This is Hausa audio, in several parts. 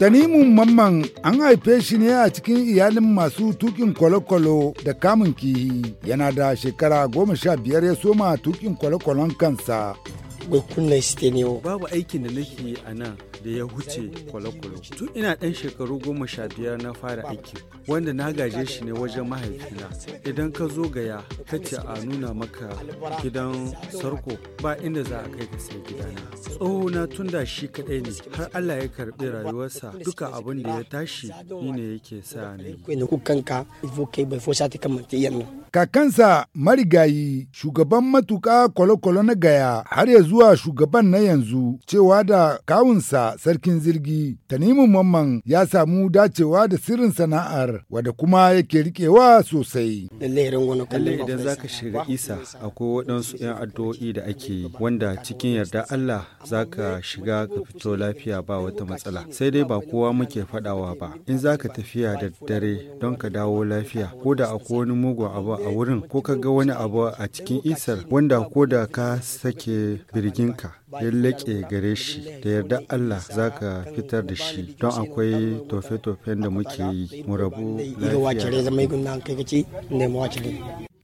Tanimun Mamman an haife shi ne a cikin iyalin masu tukin kwalokwalo da kamun kihi yana da shekara goma sha biyar ya soma tukin kwalokwalon kansa. Babu aikin da nake a nan da ya huce kwale tun ina ɗan shekaru goma sha biyar na fara aiki wanda na gaje shi ne wajen mahaifina idan ka zo gaya ka ce a nuna maka gidan sarko ba inda za a kai ka sai gidana na tun da shi kaɗai ne har allah ya karɓi rayuwarsa duka abin da ya tashi ni ne yake sa ne kakansa marigayi shugaban matuƙa kwalokwalo na gaya har ya zuwa shugaban na yanzu cewa da kawunsa sarkin zirgi tanimu mamman ya samu dacewa da sirrin sana'ar wadda kuma yake rikewa sosai. idan za ka shiga isa akwai waɗansu 'yan addu'o'i da ake yi wanda cikin yarda Allah za ka shiga ka fito lafiya ba wata matsala sai dai ba kowa muke faɗawa ba in za ka tafiya da dare don ka dawo lafiya ko da akwai wani mugun abu a wurin ko ka ga wani abu a cikin isar wanda ko da ka sake birginka ya laƙe gare shi da yarda Allah za ka fitar da shi don akwai tofe-tofen da muke yi mu rabu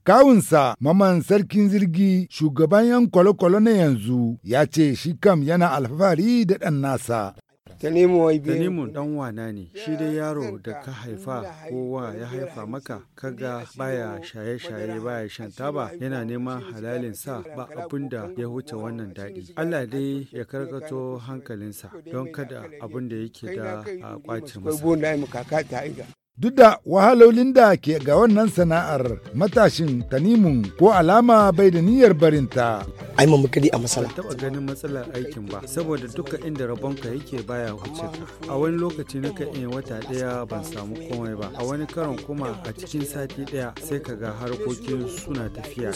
Kawunsa Maman Sarkin Zirgi shugaban yan kwale-kwale na yanzu ya ce shi kam yana alfahari da ɗan nasa. tanimu dan wana ne shi dai yaro da ka haifa kowa ya haifa maka kaga baya shaye-shaye baya shan taba yana neman halalin sa ba abin da ya wuce wannan daɗi allah dai ya karkato hankalinsa don kada abin da yake da a kwace masa Duk da wahalolin da ke ga wannan sana'ar matashin tanimun ko alama bai da niyyar barinta. Ai mamakari a matsala. Ban taɓa ganin matsalar aikin ba, saboda duka inda rabon ka yake baya wuce A wani lokaci na ka iya wata ɗaya ban samu komai ba, a wani karon kuma a cikin sati ɗaya sai ka ga harkokin suna tafiya.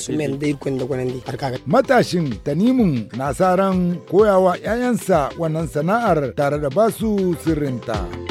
Matashin tanimun na sa ran koyawa 'ya'yansa wannan sana'ar tare da basu sirrinta.